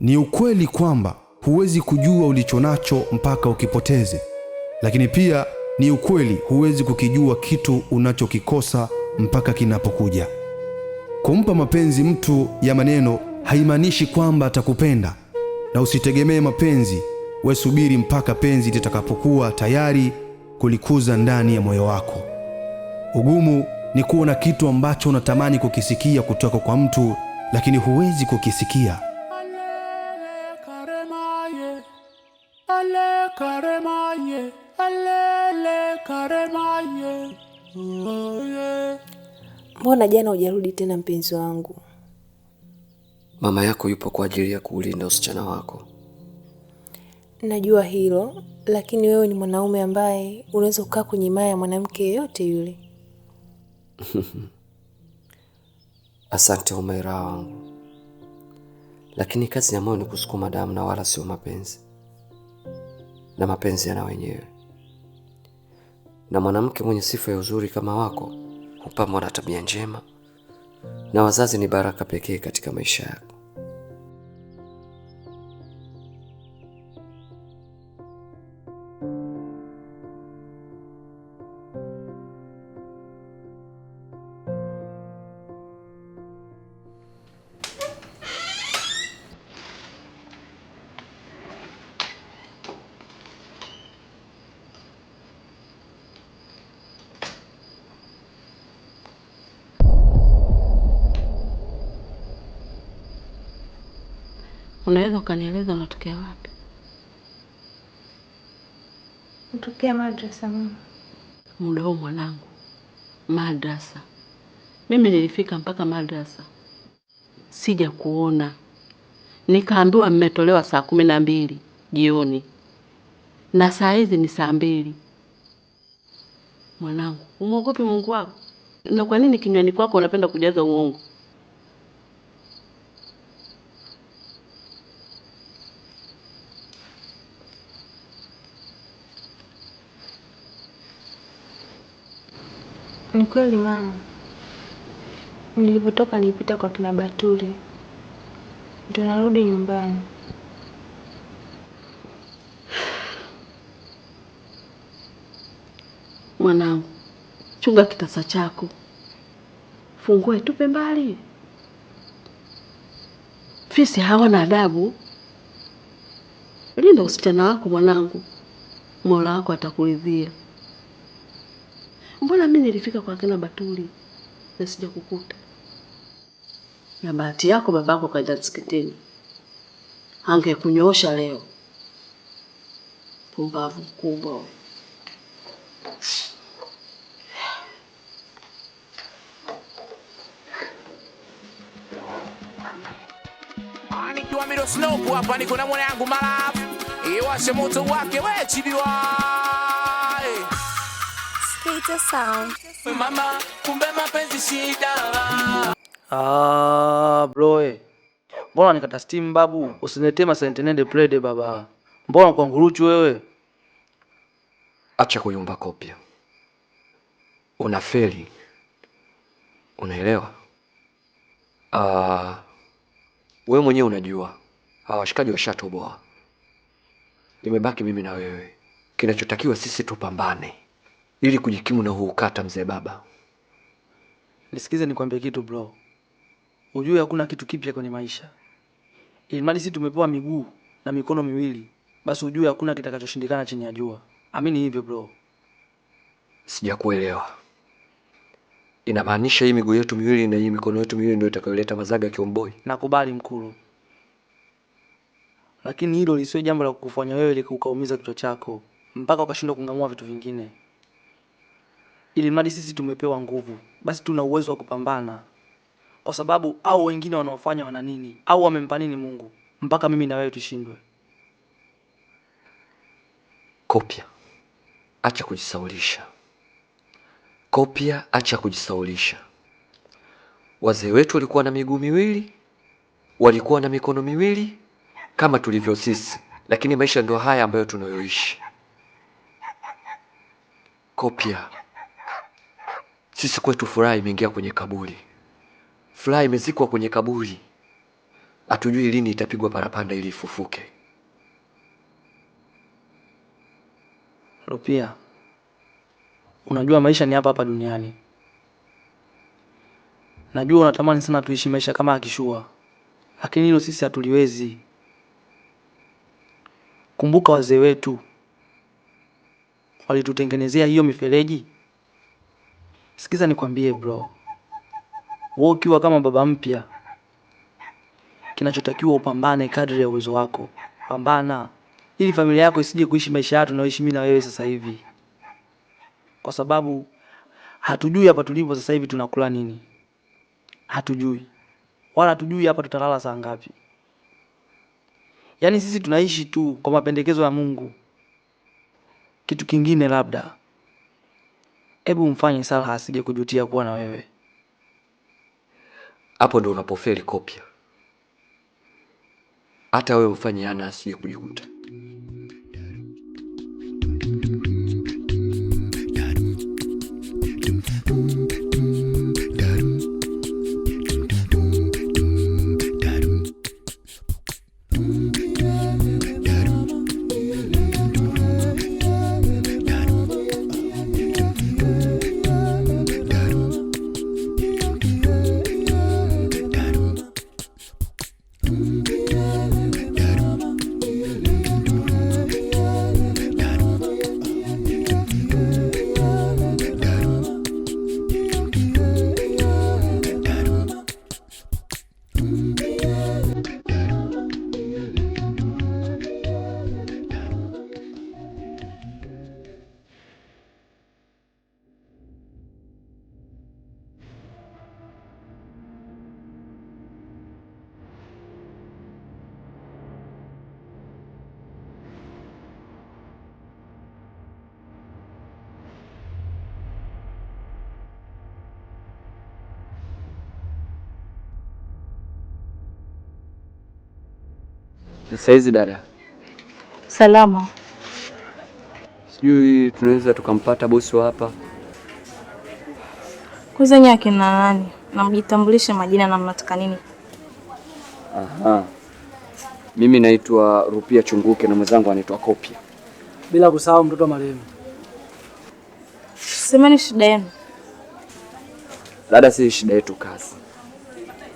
Ni ukweli kwamba huwezi kujua ulicho nacho mpaka ukipoteze, lakini pia ni ukweli huwezi kukijua kitu unachokikosa mpaka kinapokuja. Kumpa mapenzi mtu ya maneno haimaanishi kwamba atakupenda, na usitegemee mapenzi. We subiri mpaka penzi litakapokuwa tayari kulikuza ndani ya moyo wako. Ugumu ni kuwa na kitu ambacho unatamani kukisikia kutoka kwa mtu, lakini huwezi kukisikia. karemaye, alele karemaye. Mbona jana hujarudi tena mpenzi wangu? Mama yako yupo kwa ajili ya kuulinda usichana wako. Najua hilo, lakini wewe ni mwanaume ambaye unaweza kukaa kwenye maya ya mwanamke yeyote yule. Asante Umaira wangu, lakini kazi ya moyo ni kusukuma damu na wala sio mapenzi na mapenzi yana wenyewe, na mwanamke mwenye sifa ya uzuri kama wako hupambwa na tabia njema, na wazazi ni baraka pekee katika maisha yako. Unaweza ukanieleza unatokea wapi? Natokea madrasa mama. Muda huu mwanangu, madrasa? Mimi nilifika mpaka madrasa sija kuona, nikaambiwa mmetolewa saa kumi na mbili jioni na saa hizi ni saa mbili. Mwanangu, umwogopi Mungu wako? Na kwa nini kinywani kwako unapenda kujaza uongo? Ni kweli mama, nilipotoka nilipita kwa kina Batuli, tunarudi nyumbani. Mwanangu, chunga kitasa chako, fungue tupe mbali. Fisi hawana adabu. Linda usichana wako mwanangu, Mola wako atakuridhia mbona mimi nilifika kwa kina Batuli na sija kukuta? Na bahati yako babako kaenda msikitini, angekunyoosha leo. Pumbavu kubwa. Ah, nikiwa mido snopu hapa, niko na mwana yangu malafu iwashe moto wake wechidiwa Future Sound. mama, kumbe mapenzi shida. Ah, bro eh. Mbona nikata steam babu? Usiniletee masentenende plede baba. Mbona kwa nguruchu wewe? Acha kuyumba kopya. feli. Unaelewa? Ah, wewe mwenyewe unajua. Hawa ah, washikaji washatoboa. Nimebaki mimi na wewe. Kinachotakiwa sisi tupambane ili kujikimu na huukata mzee baba. Nisikize nikwambie kitu bro, ujue hakuna kitu kipya kwenye maisha. Ilimradi sisi tumepewa miguu na mikono miwili, basi ujue hakuna kitakachoshindikana chini ya jua. Amini hivyo bro. Sijakuelewa. Inamaanisha hii miguu yetu miwili na hii mikono yetu miwili ndio itakayoleta mazaga ya kiomboi? Nakubali mkuru, lakini hilo lisiwe jambo la kukufanya wewe likukaumiza kichwa chako mpaka ukashindwa kung'amua vitu vingine ili mali sisi tumepewa nguvu, basi tuna uwezo wa kupambana, kwa sababu au wengine wanaofanya wana nini au wamempa nini Mungu mpaka mimi na wewe tushindwe? Kopya, acha kujisaulisha. Kopya, acha kujisaulisha. Wazee wetu walikuwa na miguu miwili, walikuwa na mikono miwili kama tulivyo sisi, lakini maisha ndio haya ambayo tunayoishi. Kopya. Sisi kwetu furaha imeingia kwenye kaburi, furaha imezikwa kwenye kaburi. Hatujui lini itapigwa parapanda ili ifufuke. Rupia, unajua maisha ni hapa hapa duniani. Najua unatamani sana tuishi maisha kama akishua, lakini hilo sisi hatuliwezi. Kumbuka wazee wetu walitutengenezea hiyo mifereji Sikiza nikwambie bro, wewe ukiwa kama baba mpya, kinachotakiwa upambane kadri ya uwezo wako. Pambana ili familia yako isije kuishi maisha yetu tunayoishi mimi na wewe sasa hivi, kwa sababu hatujui hapa tulipo sasa hivi tunakula nini, hatujui wala hatujui hapa tutalala saa ngapi. Yaani sisi tunaishi tu kwa mapendekezo ya Mungu, kitu kingine labda Hebu mfanye Sara asije kujutia kuwa na wewe. Hapo ndo unapofeli Kopya, hata wewe ufanye ana asije kujikuta. Saizi dada salama, sijui tunaweza tukampata bosi hapa kuzenya akina nani, na majina na mnataka nini? Aha. Mimi naitwa Rupia Chunguke na mwenzangu anaitwa Kopia, bila kusahau mtoto wa marehemu. Semeni shida yenu. Dada, si shida yetu kazi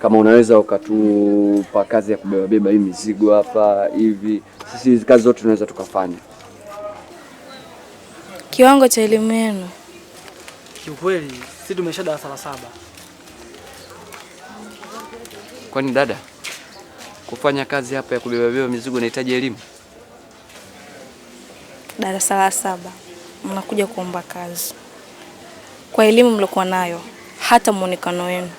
kama unaweza ukatupa kazi ya kubebabeba hii mizigo hapa hivi, sisi hizi kazi zote tunaweza tukafanya. Kiwango cha elimu yenu kiukweli, sisi tumesha darasa la saba. Kwani dada, kufanya kazi hapa ya kubebabeba mizigo inahitaji elimu? Darasa la saba mnakuja kuomba kazi, kwa elimu mliokuwa nayo hata muonekano wenu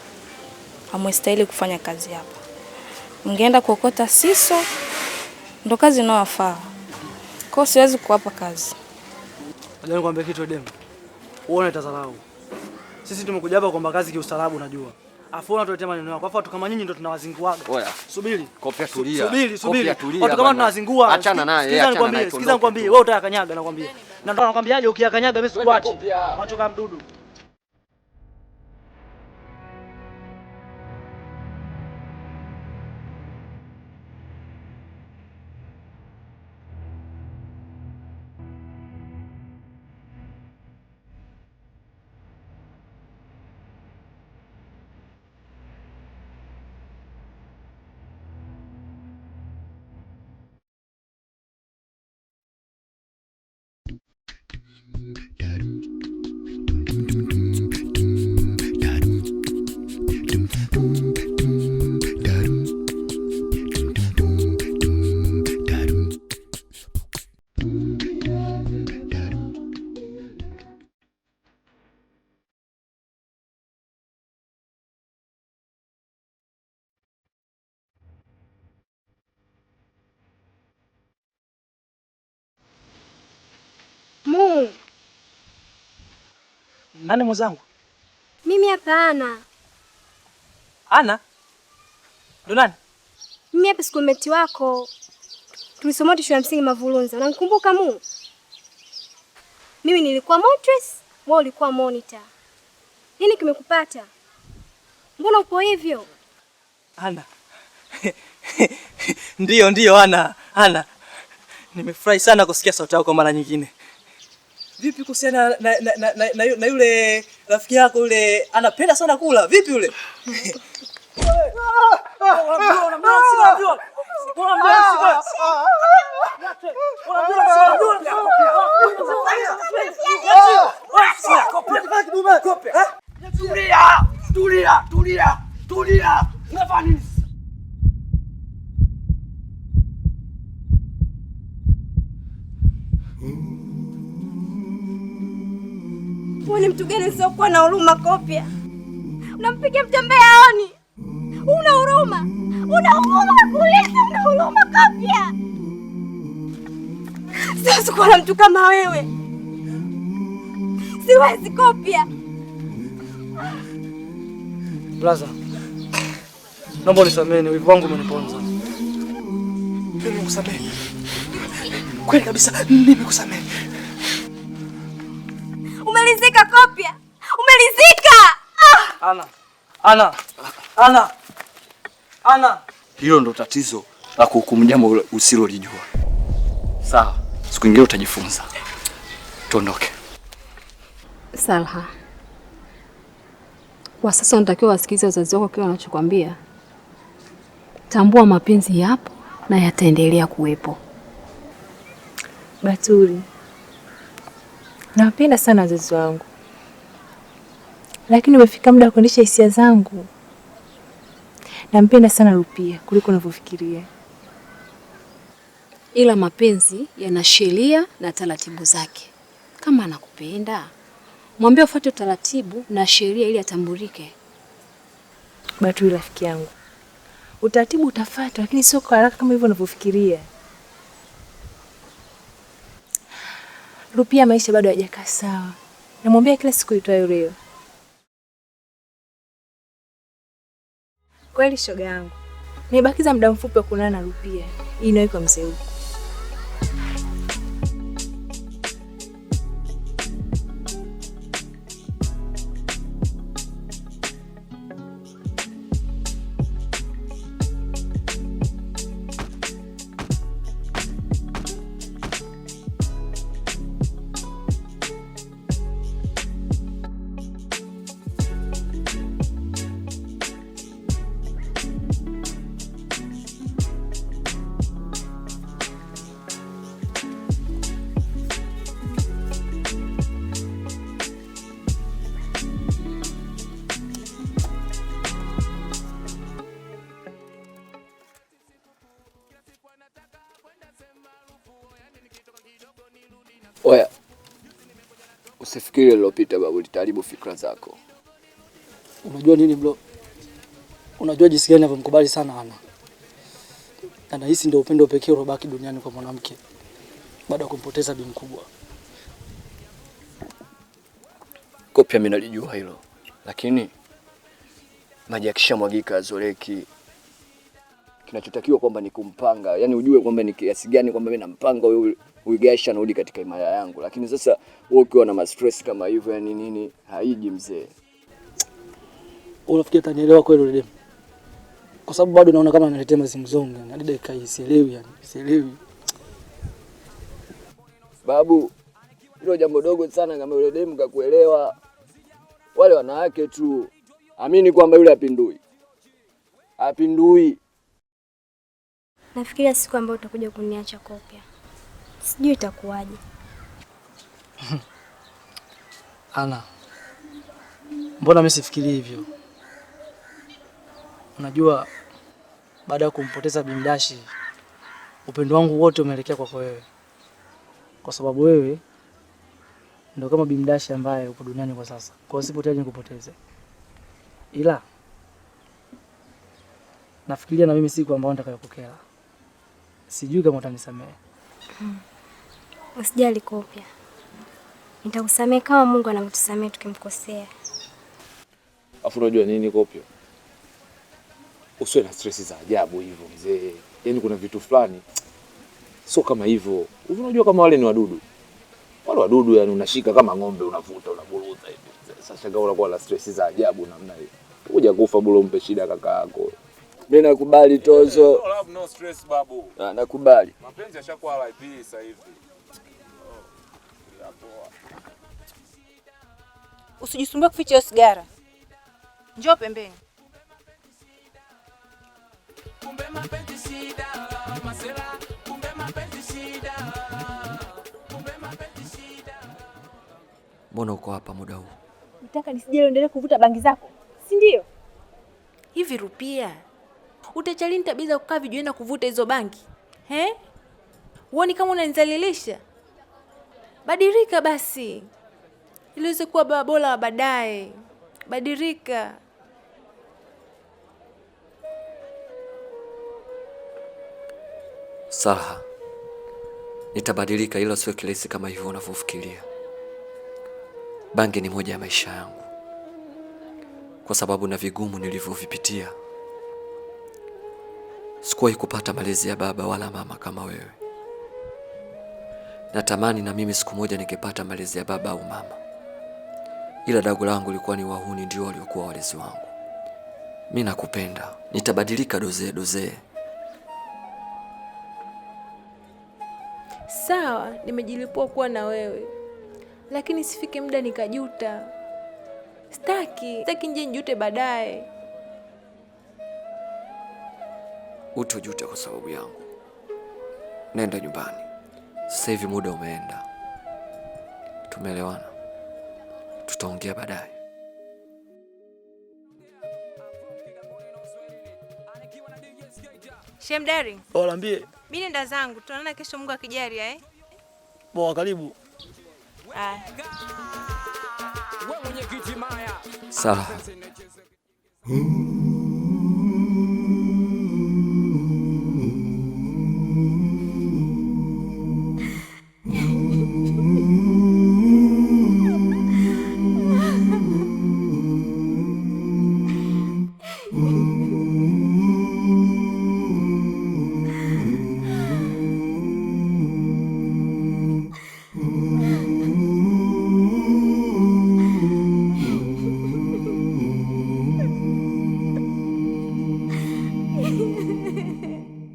hamwestahili kufanya kazi hapa. Mngeenda kuokota siso, ndo kazi inayowafaa. Kwa siwezi kuwapa kazi. Unajua nikwambia kitu demu. Uone tazarau. Sisi tumekuja hapa kuomba kazi kiustaarabu unajua. Afu unatuletea maneno yako. Afu watu kama nyinyi ndio tunawazinguaga. Oya. Subiri. Kopia tulia. Subiri, subiri. Watu kama tunawazingua. Achana naye, achana naye. Sikiza nikwambie, wewe utayakanyaga nakwambia. Na ndo nakwambiaje ukiyakanyaga mimi sikuachi. Macho kama mdudu. Yeah. Nani mwenzangu? Mimi hapa Ana. Ana? Ndo nani? Mimi hapa schoolmate wako. Tulisoma shule ya msingi Mavulunza. Unamkumbuka mu? Mimi nilikuwa monitress, wewe ulikuwa monitor. Nini kimekupata? Mbona uko hivyo? Ana. Ndiyo, ndiyo Ana. Ana. Nimefurahi sana kusikia sauti yako mara nyingine vipi kuhusiana na na, na, na, na, na yule rafiki yako yule anapenda sana kula vipi yule? Tulia, tulia, tulia, tulia. Unafanya nini? Wewe ni mtu gani siokuwa na huruma Kopya? Unampiga mtembea aoni, una huruma, una huruma kulisa? una huruma Kopya? Siwezi kuwa na mtu kama wewe, siwezi Kopya. Blaza, naomba unisamehe, wivu wangu umeniponza. Nimekusamehe kweli kabisa, nimekusamehe. Umelizika kopya, umelizika. Ah! Ana, Ana, Ana, Ana, hilo ndo tatizo la kuhukumu jambo usilolijua. Sawa, siku ingine utajifunza. Tuondoke. Salha, kwa sasa unatakiwa wasikilize wazazi wako kile wanachokwambia. Tambua mapenzi yapo na yataendelea kuwepo. Baturi Nawapenda sana wazazi wangu, lakini umefika muda wa kuonyesha hisia zangu. Nampenda sana Rupia kuliko unavyofikiria, ila mapenzi yana sheria na taratibu zake. Kama anakupenda mwambie ufuate utaratibu na sheria ili atambulike. batu rafiki yangu, utaratibu utafuatwa, lakini sio kwa haraka kama hivyo unavyofikiria. Rupia maisha bado hajakaa sawa, namwambia kila siku itwayo leo. Kweli shoga yangu, nimebakiza muda mfupi wa kuonana na Rupia hii niwahi iko mzee huko. tukio lilopita babu litaharibu fikra zako. Unajua nini bro? Unajua jinsi gani anavyomkubali sana Ana, na nahisi ndio upendo pekee uliobaki duniani kwa mwanamke baada ya kumpoteza bibi mkubwa. Kopya, mimi nalijua hilo, lakini maji yakishamwagika azoreki. Kinachotakiwa kwamba ni kumpanga, yaani ujue kwamba ni kiasi gani kwamba mimi nampanga huyu huyu Gaisha anarudi katika imaya yangu. Lakini sasa wewe ukiwa na stress kama hivyo, yani nini haiji mzee. Unafikiri atanielewa kweli yule demu? Kwa sababu bado naona kama analetea mazunguzongo, hadi dakika hii sielewi, yani sielewi. Babu, hilo jambo dogo sana kama yule demu kakuelewa. Wale wanawake tu, amini kwamba yule apindui, apindui. Nafikiria siku ambayo utakuja kuniacha kopya sijui itakuwaje. Ana, mbona mimi sifikiri hivyo? Unajua, baada ya kumpoteza Bimdashi, upendo wangu wote umeelekea kwako wewe, kwa sababu wewe ndio kama Bimdashi ambaye uko duniani kwa sasa. Kwa hiyo sipo tayari nikupoteze, ila nafikiria na mimi siku ambayo nitakayopokea, sijui kama utanisamehe. Hmm. Usijali Kopya, nitakusamehe kama Mungu anavyotusamehe tukimkosea. Afu unajua nini Kopya, usiwe na stress za ajabu hivyo mzee. Yaani kuna vitu fulani sio kama hivyo. Unajua kama wale ni wadudu wale wadudu, yani unashika kama ng'ombe, unavuta unaburuza hivi. Sasa kama unakuwa na stress za ajabu namna hiyo, Kuja kufa bulo, umpe shida kaka yako. Mimi nakubali tozo. No love no stress babu. Na, ah, nakubali. Mapenzi yashakuwa live sasa hivi. Usijisumbue kuficha hiyo sigara, njoo pembeni. Mbona uko hapa muda huu? Nataka nisije endelee kuvuta bangi zako, si ndio? Hivi Rupia, utachali za kukaa vijueni na kuvuta hizo bangi? He? Uoni kama unanizalilisha? badirika basi iliweze kuwa baba bora wa baadaye. badirika saha nitabadilika, ila sio kirahisi kama hivyo unavyofikiria. Bangi ni moja ya maisha yangu, kwa sababu na vigumu nilivyovipitia, sikuwahi kupata malezi ya baba wala mama kama wewe. Natamani na mimi siku moja ningepata malezi ya baba au mama, ila dago langu likuwa ni wahuni, ndio waliokuwa walezi wangu. Mi nakupenda, nitabadilika dozee dozee. Sawa, nimejilipua kuwa na wewe, lakini sifike muda nikajuta. Staki, staki nje njute baadaye. Utojute kwa sababu yangu. Nenda nyumbani. Sasa hivi muda umeenda, tumeelewana, tutaongea baadaye. Shemdari, oh, niambie. Mimi nenda zangu, tunaona kesho, Mungu akijalia eh? Poa, karibu. Ah. Sawa. Hmm.